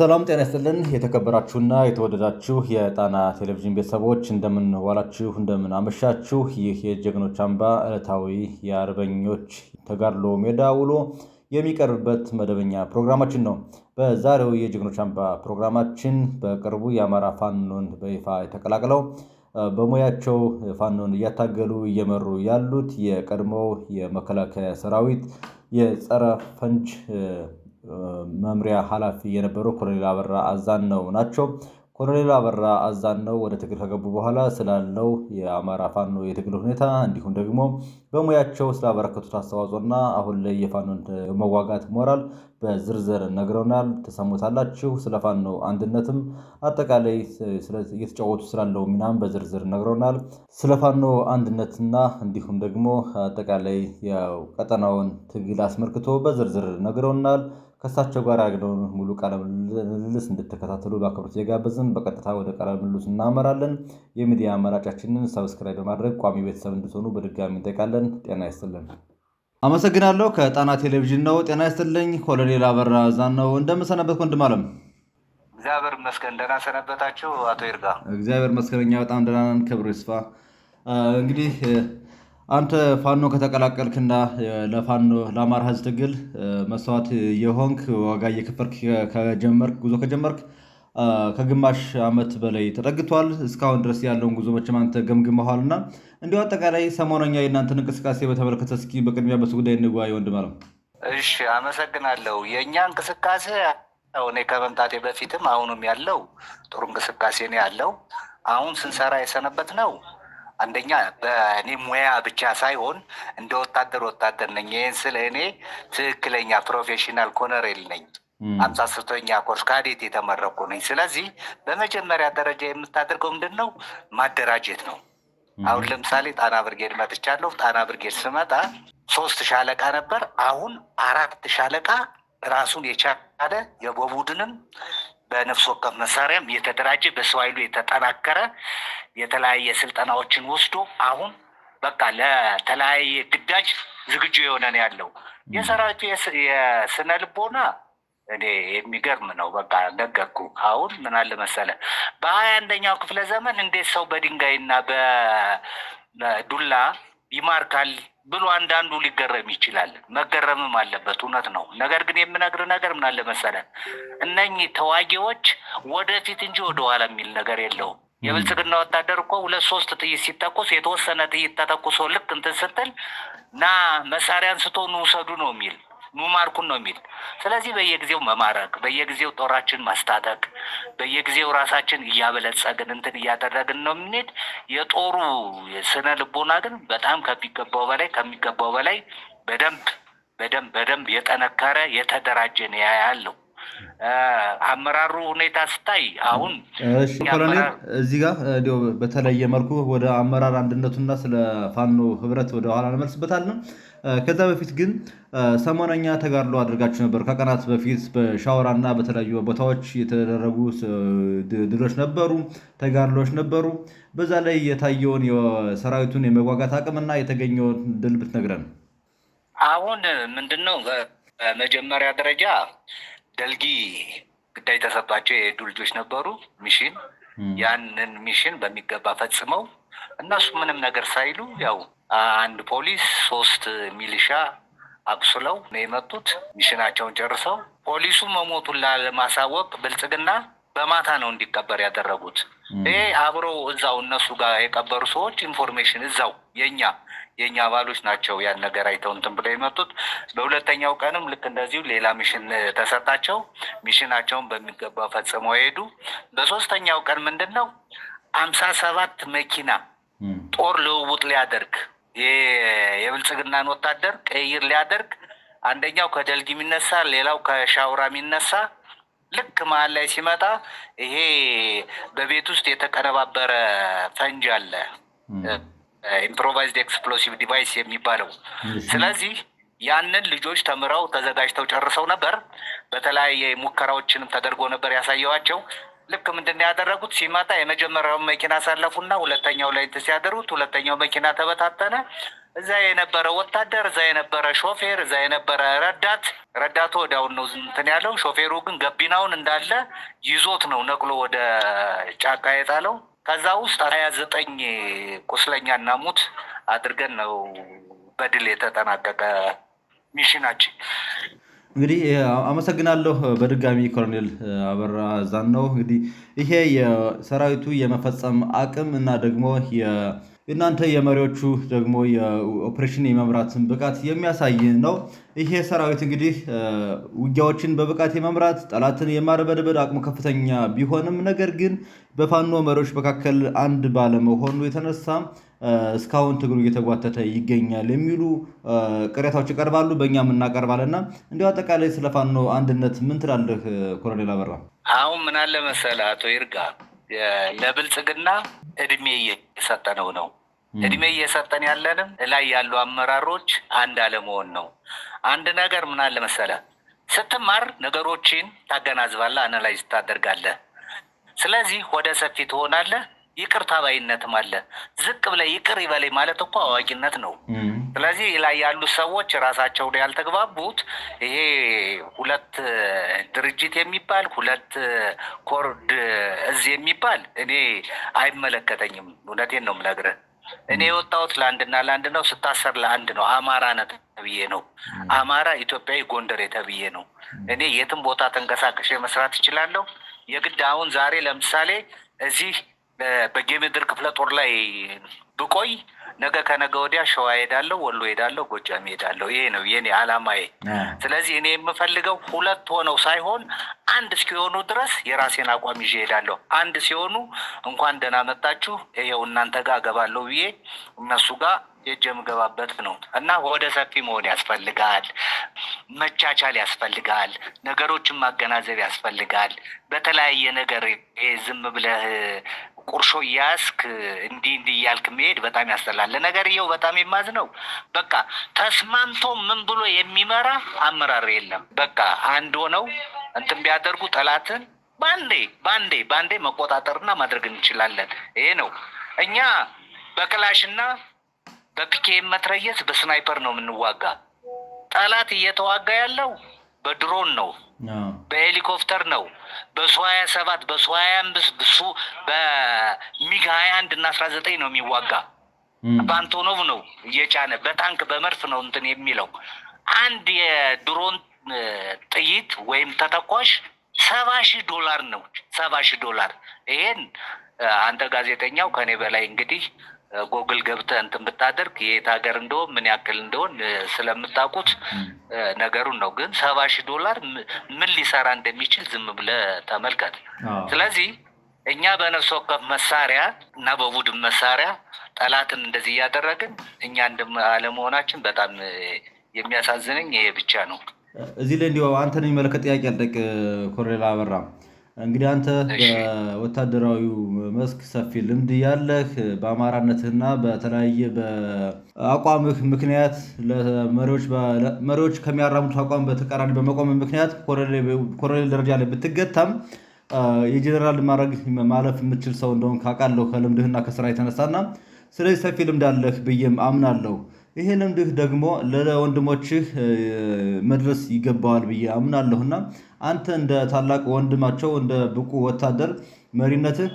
ሰላም ጤና ይስጥልን። የተከበራችሁና የተወደዳችሁ የጣና ቴሌቪዥን ቤተሰቦች እንደምንዋላችሁ፣ አመሻችሁ? ይህ የጀግኖች አምባ ዕለታዊ የአርበኞች ተጋድሎ ሜዳ ውሎ የሚቀርብበት መደበኛ ፕሮግራማችን ነው። በዛሬው የጀግኖች አምባ ፕሮግራማችን በቅርቡ የአማራ ፋኖን በይፋ የተቀላቅለው በሙያቸው ፋኖን እያታገሉ እየመሩ ያሉት የቀድሞው የመከላከያ ሰራዊት የጸረ ፈንጅ መምሪያ ኃላፊ የነበረው ኮሎኔል አበራ ነው ናቸው። ኮሎኔል አበራ ነው ወደ ትግል ከገቡ በኋላ ስላለው የአማራ ፋኖ የትግል ሁኔታ እንዲሁም ደግሞ በሙያቸው ስላበረከቱት አስተዋጽኦና አሁን ላይ የፋኖን መዋጋት ሞራል በዝርዝር ነግረውናል፣ ተሰሙታላችሁ። ስለ ፋኖ አንድነትም አጠቃላይ እየተጫወቱ ስላለው ሚናም በዝርዝር ነግረውናል። ስለ ፋኖ አንድነትና እንዲሁም ደግሞ አጠቃላይ የቀጠናውን ትግል አስመልክቶ በዝርዝር ነግረውናል። ከእሳቸው ጋር ያለውን ሙሉ ቃለ ምልልስ እንድትከታተሉ በአክብሮት እየጋበዝን በቀጥታ ወደ ቃለ ምልልስ እናመራለን። የሚዲያ አማራጫችንን ሰብስክራይብ በማድረግ ቋሚ ቤተሰብ እንድትሆኑ በድጋሚ እንጠይቃለን። ጤና ይስጥልን። አመሰግናለሁ። ከጣና ቴሌቪዥን ነው። ጤና ይስጥልኝ። ኮሎኔል አበራ ዛን ነው። እንደምንሰነበት ወንድም አለም እግዚአብሔር ይመስገን። ደህና ሰነበታችሁ አቶ ይርጋ። እግዚአብሔር ይመስገን እኛ በጣም ደህና ነን። ክብሩ ይስፋ። እንግዲህ አንተ ፋኖ ከተቀላቀልክና ለፋኖ ለአማራ ህዝብ ትግል መስዋዕት የሆንክ ዋጋ እየከፈልክ ከጀመርክ ጉዞ ከጀመርክ ከግማሽ ዓመት በላይ ተጠግቷል። እስካሁን ድረስ ያለውን ጉዞ መቼም አንተ ገምግመሃል እና እንዲሁ አጠቃላይ ሰሞነኛ የእናንተን እንቅስቃሴ በተመለከተ እስኪ በቅድሚያ በሱ ጉዳይ እንጓይ ወንድም አለም። እሺ አመሰግናለሁ። የእኛ እንቅስቃሴ እኔ ከመምጣቴ በፊትም አሁንም ያለው ጥሩ እንቅስቃሴ ነው ያለው። አሁን ስንሰራ የሰነበት ነው አንደኛ በእኔ ሙያ ብቻ ሳይሆን እንደ ወታደር ወታደር ነኝ። ይህን ስለ እኔ ትክክለኛ ፕሮፌሽናል ኮነሬል ነኝ። አምሳ ሶስተኛ ኮርስ ካዴት የተመረኩ ነኝ። ስለዚህ በመጀመሪያ ደረጃ የምታደርገው ምንድን ነው? ማደራጀት ነው። አሁን ለምሳሌ ጣና ብርጌድ መጥቻለሁ። ጣና ብርጌድ ስመጣ ሶስት ሻለቃ ነበር። አሁን አራት ሻለቃ ራሱን የቻለ የበቡድንም በነፍስ ወከፍ መሳሪያም የተደራጀ በሰው ኃይሉ የተጠናከረ የተለያየ ስልጠናዎችን ወስዶ አሁን በቃ ለተለያየ ግዳጅ ዝግጁ የሆነ ነው ያለው። የሰራዊቱ የስነ ልቦና እኔ የሚገርም ነው። በቃ ነገርኩ። አሁን ምን አለ መሰለ በሀያ አንደኛው ክፍለ ዘመን እንዴት ሰው በድንጋይና በዱላ ይማርካል ብሎ አንዳንዱ ሊገረም ይችላል። መገረምም አለበት፣ እውነት ነው። ነገር ግን የምነግር ነገር ምን አለ መሰለህ፣ እነኚህ ተዋጊዎች ወደፊት እንጂ ወደኋላ የሚል ነገር የለውም። የብልጽግና ወታደር እኮ ሁለት ሶስት ጥይት ሲተኩስ የተወሰነ ጥይት ተተኩሶ ልክ እንትን ስትል ና መሳሪያ አንስቶ ንውሰዱ ነው የሚል ኑ ማርኩን ነው የሚል። ስለዚህ በየጊዜው መማረክ፣ በየጊዜው ጦራችን ማስታጠቅ፣ በየጊዜው ራሳችን እያበለጸግን እንትን እያደረግን ነው የምንሄድ። የጦሩ ስነ ልቦና ግን በጣም ከሚገባው በላይ ከሚገባው በላይ በደንብ በደንብ በደንብ የጠነከረ የተደራጀን ያለው አመራሩ ሁኔታ ስታይ አሁን ኮሎኔል እዚህ ጋር እንዲያው በተለየ መልኩ ወደ አመራር አንድነቱና ስለ ፋኖ ህብረት ወደኋላ እንመልስበታለን። ከዛ በፊት ግን ሰሞነኛ ተጋድሎ አድርጋችሁ ነበር። ከቀናት በፊት እና በተለያዩ ቦታዎች የተደረጉ ድሎች ነበሩ፣ ተጋድሎች ነበሩ። በዛ ላይ የታየውን የሰራዊቱን የመጓጋት አቅምና የተገኘውን ድል ብትነግረን። አሁን ምንድነው በመጀመሪያ ደረጃ ደልጊ ጉዳይ የተሰጣቸው የሄዱ ልጆች ነበሩ ሚሽን ያንን ሚሽን በሚገባ ፈጽመው እነሱ ምንም ነገር ሳይሉ ያው አንድ ፖሊስ ሶስት ሚሊሻ አቁስለው ነው የመጡት። ሚሽናቸውን ጨርሰው ፖሊሱ መሞቱን ላለማሳወቅ ብልጽግና በማታ ነው እንዲቀበር ያደረጉት። ይሄ አብሮ እዛው እነሱ ጋር የቀበሩ ሰዎች ኢንፎርሜሽን እዛው የኛ የእኛ አባሎች ናቸው ያን ነገር አይተው እንትን ብለው የመጡት። በሁለተኛው ቀንም ልክ እንደዚሁ ሌላ ሚሽን ተሰጣቸው። ሚሽናቸውን በሚገባ ፈጽመው ሄዱ። በሶስተኛው ቀን ምንድን ነው አምሳ ሰባት መኪና ጦር ልውውጥ ሊያደርግ የብልጽግናን ወታደር ቀይር ሊያደርግ አንደኛው ከደልግ የሚነሳ ሌላው ከሻውራ የሚነሳ ልክ መሀል ላይ ሲመጣ ይሄ በቤት ውስጥ የተቀነባበረ ፈንጅ አለ፣ ኢምፕሮቫይዝድ ኤክስፕሎሲቭ ዲቫይስ የሚባለው። ስለዚህ ያንን ልጆች ተምረው ተዘጋጅተው ጨርሰው ነበር። በተለያየ ሙከራዎችንም ተደርጎ ነበር ያሳየዋቸው። ልክ ምንድን ያደረጉት ሲመጣ የመጀመሪያውን መኪና ሰለፉና ሁለተኛው ላይ ሲያደሩት ሁለተኛው መኪና ተበታተነ። እዛ የነበረ ወታደር፣ እዛ የነበረ ሾፌር፣ እዛ የነበረ ረዳት ረዳቱ ወዲያውን ነው እንትን ያለው። ሾፌሩ ግን ገቢናውን እንዳለ ይዞት ነው ነቅሎ ወደ ጫካ የጣለው። ከዛ ውስጥ ሀያ ዘጠኝ ቁስለኛና ሙት አድርገን ነው በድል የተጠናቀቀ ሚሽናችን። እንግዲህ አመሰግናለሁ በድጋሚ ኮሎኔል አበራ ነው እንግዲህ ይሄ የሰራዊቱ የመፈጸም አቅም እና ደግሞ እናንተ የመሪዎቹ ደግሞ የኦፕሬሽን የመምራትን ብቃት የሚያሳይ ነው። ይሄ ሰራዊት እንግዲህ ውጊያዎችን በብቃት የመምራት ጠላትን የማርበድበድ አቅሙ ከፍተኛ ቢሆንም ነገር ግን በፋኖ መሪዎች መካከል አንድ ባለመሆኑ የተነሳ እስካሁን ትግሉ እየተጓተተ ይገኛል የሚሉ ቅሬታዎች ይቀርባሉ፣ በእኛም እናቀርባለና እንዲሁ አጠቃላይ ስለ ፋኖ አንድነት ምን ትላለህ ኮሎኔል አበራ? አሁን ምን አለ አቶ ይርጋ ለብልጽግና እድሜ እየሰጠነው ነው። እድሜ እየሰጠን ያለንም እላይ ያሉ አመራሮች አንድ አለመሆን ነው። አንድ ነገር ምን አለ ስትማር ነገሮችን ታገናዝባለህ፣ አናላይዝ ታደርጋለህ። ስለዚህ ወደ ሰፊ ትሆናለህ ይቅርታ ባይነትም አለ። ዝቅ ብለህ ይቅር ይበለኝ ማለት እኮ አዋቂነት ነው። ስለዚህ ላይ ያሉ ሰዎች ራሳቸው ያልተግባቡት ይሄ ሁለት ድርጅት የሚባል ሁለት ኮርድ እዝ የሚባል እኔ አይመለከተኝም። እውነቴን ነው የምነግርህ። እኔ የወጣሁት ለአንድና ለአንድ ነው። ስታሰር ለአንድ ነው። አማራ ነ ተብዬ ነው። አማራ ኢትዮጵያዊ፣ ጎንደሬ ተብዬ ነው። እኔ የትም ቦታ ተንቀሳቀሽ መስራት እችላለሁ። የግድ አሁን ዛሬ ለምሳሌ እዚህ በጌምድር ክፍለ ጦር ላይ ብቆይ ነገ ከነገ ወዲያ ሸዋ ሄዳለሁ፣ ወሎ ሄዳለሁ፣ ጎጃም ሄዳለሁ። ይሄ ነው የኔ አላማዬ። ስለዚህ እኔ የምፈልገው ሁለት ሆነው ሳይሆን አንድ እስኪሆኑ ድረስ የራሴን አቋም ይዤ ሄዳለሁ። አንድ ሲሆኑ እንኳን ደህና መጣችሁ፣ ይኸው እናንተ ጋር እገባለሁ ብዬ እነሱ ጋር እጅ የምገባበት ነው እና ወደ ሰፊ መሆን ያስፈልጋል። መቻቻል ያስፈልጋል። ነገሮችን ማገናዘብ ያስፈልጋል። በተለያየ ነገር ዝም ብለህ ቁርሾ እያስክ እንዲህ እንዲህ እያልክ መሄድ በጣም ያስጠላል። ለነገርየው በጣም የማዝ ነው። በቃ ተስማምቶ ምን ብሎ የሚመራ አመራር የለም። በቃ አንድ ሆነው እንትን ቢያደርጉ ጠላትን ባንዴ ባንዴ ባንዴ መቆጣጠርና ማድረግ እንችላለን። ይሄ ነው እኛ በክላሽና በፒኬም መትረየስ በስናይፐር ነው የምንዋጋ። ጠላት እየተዋጋ ያለው በድሮን ነው፣ በሄሊኮፕተር ነው፣ በሱ ሀያ ሰባት በሱ ሀያ አምስት ብሱ በሚግ ሀያ አንድ እና አስራ ዘጠኝ ነው የሚዋጋ በአንቶኖቭ ነው እየጫነ በታንክ በመድፍ ነው እንትን የሚለው አንድ የድሮን ጥይት ወይም ተተኳሽ ሰባ ሺህ ዶላር ነው። ሰባ ሺህ ዶላር ይሄን አንተ ጋዜጠኛው ከኔ በላይ እንግዲህ ጎግል ገብተህ እንትን ብታደርግ የት ሀገር እንደሆን ምን ያክል እንደሆን ስለምታውቁት ነገሩን ነው። ግን ሰባ ሺህ ዶላር ምን ሊሰራ እንደሚችል ዝም ብለህ ተመልከት። ስለዚህ እኛ በነፍስ ወከፍ መሳሪያ እና በቡድን መሳሪያ ጠላትን እንደዚህ እያደረግን እኛ እንደ አለመሆናችን በጣም የሚያሳዝነኝ ይሄ ብቻ ነው። እዚህ ላይ እንዲ አንተን የሚመለከት ጥያቄ ያልጠቅ ኮሬላ አበራም እንግዲህ አንተ በወታደራዊ መስክ ሰፊ ልምድ ያለህ በአማራነትህና በተለያየ በአቋምህ ምክንያት መሪዎች ከሚያራሙት አቋም በተቃራኒ በመቆም ምክንያት ኮሎኔል ደረጃ ላይ ብትገታም የጀኔራል ማድረግ ማለፍ የምትችል ሰው እንደሆን ካውቃለሁ ከልምድህና ከስራ የተነሳና ስለዚህ ሰፊ ልምድ አለህ ብዬም አምናለሁ። ይሄ ልምድህ ደግሞ ለወንድሞችህ መድረስ ይገባዋል ብዬ አምናለሁና አንተ እንደ ታላቅ ወንድማቸው እንደ ብቁ ወታደር መሪነትህ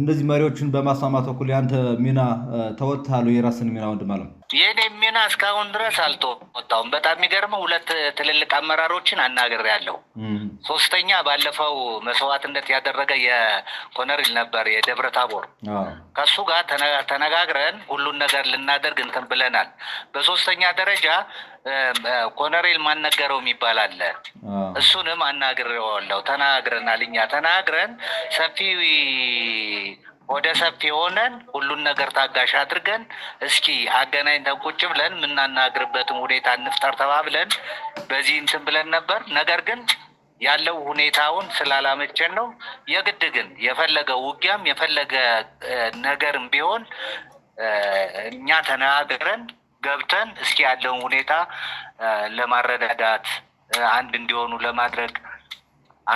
እነዚህ መሪዎችን በማስማማት በኩል የአንተ ሚና ተወጥተሃል። የራስን ሚና ወንድም አለም የኔ ሚና እስካሁን ድረስ አልተወጣውም። በጣም የሚገርመው ሁለት ትልልቅ አመራሮችን አናግሬያለሁ። ሶስተኛ ባለፈው መስዋዕትነት ያደረገ የኮነሪል ነበር የደብረ ታቦር ከሱ ጋር ተነጋግረን ሁሉን ነገር ልናደርግ እንትን ብለናል። በሶስተኛ ደረጃ ኮነሬል ማነገረው የሚባል አለ። እሱንም አናግሬዋለሁ። ተናግረናል። እኛ ተናግረን ሰፊ ወደ ሰፊ የሆነን ሁሉን ነገር ታጋሽ አድርገን እስኪ አገናኝተን ቁጭ ብለን የምናናግርበትም ሁኔታ እንፍጠር ተባብለን በዚህ እንትን ብለን ነበር። ነገር ግን ያለው ሁኔታውን ስላላመቸን ነው። የግድ ግን የፈለገ ውጊያም የፈለገ ነገርም ቢሆን እኛ ተነጋግረን ገብተን እስኪ ያለውን ሁኔታ ለማረዳዳት አንድ እንዲሆኑ ለማድረግ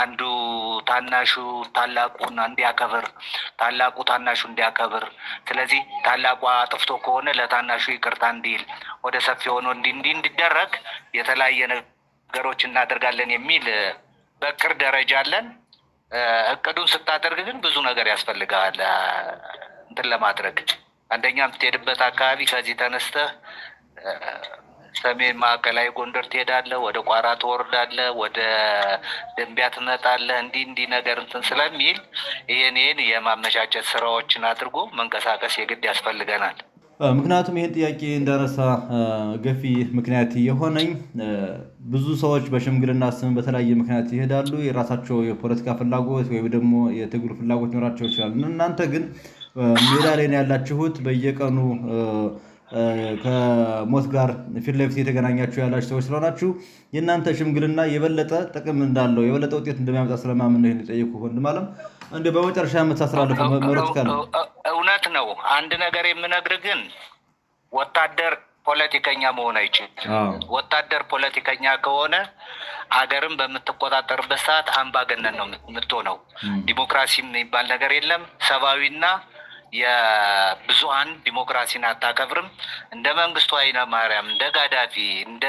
አንዱ ታናሹ ታላቁን እንዲያከብር፣ ታላቁ ታናሹ እንዲያከብር፣ ስለዚህ ታላቁ አጥፍቶ ከሆነ ለታናሹ ይቅርታ እንዲል ወደ ሰፊ ሆኖ እንዲህ እንዲደረግ የተለያየ ነገሮች እናደርጋለን የሚል በቅር ደረጃ አለን። እቅዱን ስታደርግ ግን ብዙ ነገር ያስፈልጋል እንትን ለማድረግ አንደኛ የምትሄድበት አካባቢ ከዚህ ተነስተህ ሰሜን ማዕከላዊ ጎንደር ትሄዳለህ፣ ወደ ቋራ ትወርዳለህ፣ ወደ ደንቢያ ትመጣለህ። እንዲህ እንዲህ ነገር እንትን ስለሚል ይህን የማመቻቸት ስራዎችን አድርጎ መንቀሳቀስ የግድ ያስፈልገናል። ምክንያቱም ይህን ጥያቄ እንዳነሳ ገፊ ምክንያት የሆነኝ ብዙ ሰዎች በሽምግልና ስም በተለያየ ምክንያት ይሄዳሉ። የራሳቸው የፖለቲካ ፍላጎት ወይም ደግሞ የትግሉ ፍላጎት ሊኖራቸው ይችላል። እናንተ ግን ሜዳ ላይ ነው ያላችሁት በየቀኑ ከሞት ጋር ፊት ለፊት የተገናኛችሁ ያላችሁ ሰዎች ስለሆናችሁ የእናንተ ሽምግልና የበለጠ ጥቅም እንዳለው የበለጠ ውጤት እንደሚያመጣ ስለማምን ነው የጠየኩህ ወንድም አለም። እንደ በመጨረሻ የምታስተላልፈው መልዕክት ካለ? እውነት ነው። አንድ ነገር የምነግር ግን ወታደር ፖለቲከኛ መሆን አይችልም። ወታደር ፖለቲከኛ ከሆነ አገርን በምትቆጣጠርበት ሰዓት አምባገነን ነው የምትሆነው። ዲሞክራሲ የሚባል ነገር የለም። ሰብአዊና የብዙሀን ዲሞክራሲን አታከብርም። እንደ መንግስቱ ማርያም፣ እንደ ጋዳፊ፣ እንደ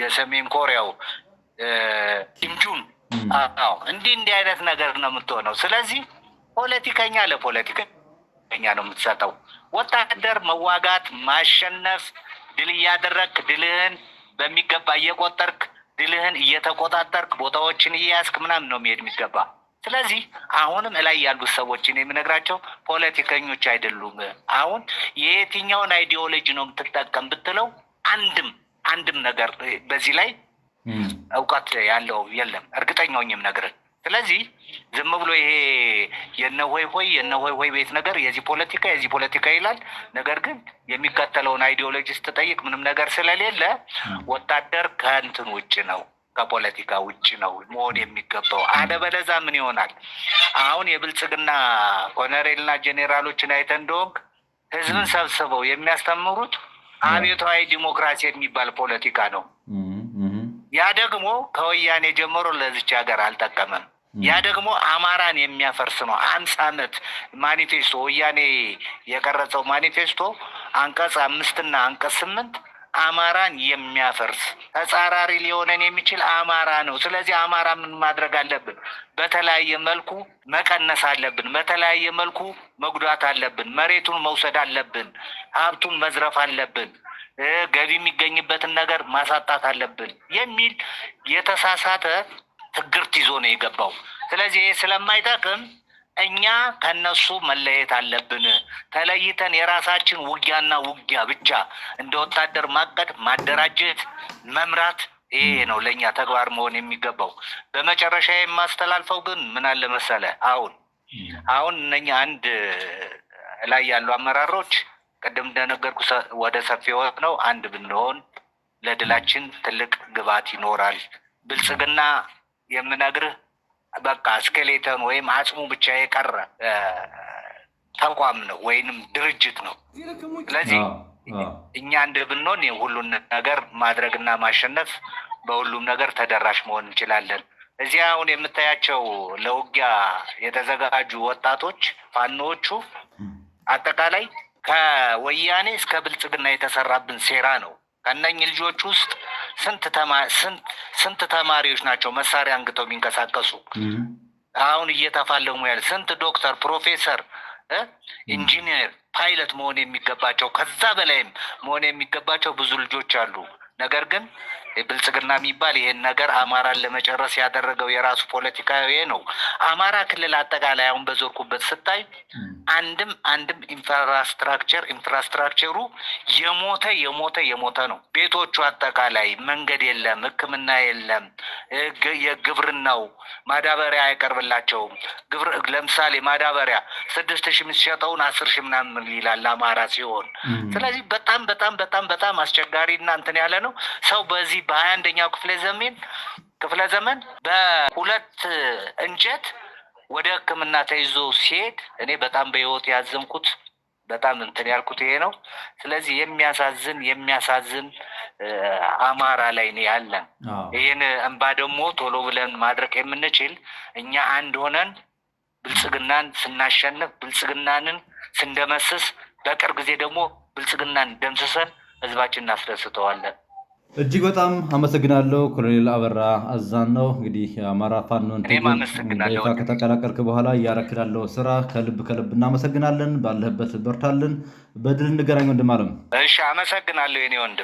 የሰሜን ኮሪያው ኪምጁን እንዲህ እንዲህ አይነት ነገር ነው የምትሆነው። ስለዚህ ፖለቲከኛ ለፖለቲከኛ ነው የምትሰጠው። ወታደር መዋጋት፣ ማሸነፍ፣ ድል እያደረግክ ድልህን በሚገባ እየቆጠርክ ድልህን እየተቆጣጠርክ ቦታዎችን እያያዝክ ምናምን ነው የሚሄድ የሚገባ ስለዚህ አሁንም እላይ ያሉት ሰዎች የምነግራቸው ፖለቲከኞች አይደሉም። አሁን የየትኛውን አይዲዮሎጂ ነው የምትጠቀም ብትለው አንድም አንድም ነገር በዚህ ላይ እውቀት ያለው የለም። እርግጠኛውኝም ነገር ስለዚህ ዝም ብሎ ይሄ የነ ሆይ ሆይ የነ ሆይ ሆይ ቤት ነገር የዚህ ፖለቲካ የዚህ ፖለቲካ ይላል። ነገር ግን የሚከተለውን አይዲዮሎጂ ስትጠይቅ ምንም ነገር ስለሌለ ወታደር ከእንትን ውጭ ነው ከፖለቲካ ውጭ ነው መሆን የሚገባው። አለበለዛ ምን ይሆናል? አሁን የብልጽግና ኮነሬልና ጄኔራሎችን አይተን እንደወግ ህዝብን ሰብስበው የሚያስተምሩት አብዮታዊ ዲሞክራሲ የሚባል ፖለቲካ ነው። ያ ደግሞ ከወያኔ ጀምሮ ለዚች ሀገር አልጠቀመም። ያ ደግሞ አማራን የሚያፈርስ ነው። አምስት ዓመት ማኒፌስቶ ወያኔ የቀረጸው ማኒፌስቶ አንቀጽ አምስትና አንቀጽ ስምንት አማራን የሚያፈርስ ተጻራሪ ሊሆነን የሚችል አማራ ነው። ስለዚህ አማራ ምን ማድረግ አለብን? በተለያየ መልኩ መቀነስ አለብን። በተለያየ መልኩ መጉዳት አለብን። መሬቱን መውሰድ አለብን። ሀብቱን መዝረፍ አለብን። ገቢ የሚገኝበትን ነገር ማሳጣት አለብን የሚል የተሳሳተ ትግርት ይዞ ነው የገባው። ስለዚህ ይህ ስለማይጠቅም እኛ ከነሱ መለየት አለብን። ተለይተን የራሳችን ውጊያና ውጊያ ብቻ እንደ ወታደር ማቀድ፣ ማደራጀት፣ መምራት ይሄ ነው ለእኛ ተግባር መሆን የሚገባው። በመጨረሻ የማስተላልፈው ግን ምን አለ መሰለ፣ አሁን አሁን እነኛ አንድ ላይ ያሉ አመራሮች ቅድም እንደነገርኩ ወደ ሰፊ ነው አንድ ብንሆን ለድላችን ትልቅ ግብዓት ይኖራል። ብልጽግና የምነግርህ በቃ ስኬሌተን ወይም አጽሙ ብቻ የቀረ ተቋም ነው ወይንም ድርጅት ነው። ስለዚህ እኛ አንድ ብንሆን ሁሉን ነገር ማድረግና ማሸነፍ በሁሉም ነገር ተደራሽ መሆን እንችላለን። እዚህ አሁን የምታያቸው ለውጊያ የተዘጋጁ ወጣቶች ፋኖዎቹ አጠቃላይ ከወያኔ እስከ ብልጽግና የተሰራብን ሴራ ነው ከነኝ ልጆች ውስጥ ስንት ተማሪዎች ናቸው መሳሪያ አንግተው የሚንቀሳቀሱ አሁን እየተፋለሙ ያለ ስንት ዶክተር፣ ፕሮፌሰር፣ ኢንጂነር፣ ፓይለት መሆን የሚገባቸው ከዛ በላይም መሆን የሚገባቸው ብዙ ልጆች አሉ። ነገር ግን ብልጽግና የሚባል ይሄን ነገር አማራን ለመጨረስ ያደረገው የራሱ ፖለቲካ ነው። አማራ ክልል አጠቃላይ አሁን በዞርኩበት ስታይ አንድም አንድም ኢንፍራስትራክቸር ኢንፍራስትራክቸሩ የሞተ የሞተ የሞተ ነው። ቤቶቹ አጠቃላይ መንገድ የለም፣ ሕክምና የለም፣ የግብርናው ማዳበሪያ አይቀርብላቸውም። ለምሳሌ ማዳበሪያ ስድስት ሺ የምትሸጠውን አስር ሺ ምናምን ይላል አማራ ሲሆን፣ ስለዚህ በጣም በጣም በጣም በጣም አስቸጋሪ እና እንትን ያለ ነው ሰው በዚህ በሀያ አንደኛው ክፍለ ዘመን ክፍለ ዘመን በሁለት እንጨት ወደ ሕክምና ተይዞ ሲሄድ እኔ በጣም በህይወት ያዘንኩት በጣም እንትን ያልኩት ይሄ ነው። ስለዚህ የሚያሳዝን የሚያሳዝን አማራ ላይ ነው ያለን። ይህን እንባ ደግሞ ቶሎ ብለን ማድረቅ የምንችል እኛ አንድ ሆነን ብልጽግናን ስናሸንፍ፣ ብልጽግናንን ስንደመስስ፣ በቅርብ ጊዜ ደግሞ ብልጽግናን ደምስሰን ህዝባችን እናስደስተዋለን። እጅግ በጣም አመሰግናለሁ ኮሎኔል አበራ አዛን ነው እንግዲህ የአማራ ፋኖን ታ ከተቀላቀልክ በኋላ እያረክዳለው ስራ ከልብ ከልብ እናመሰግናለን። ባለህበት በርታልን። በድል እንገናኝ ወንድም አለም። እሺ አመሰግናለሁ የኔ ወንድም።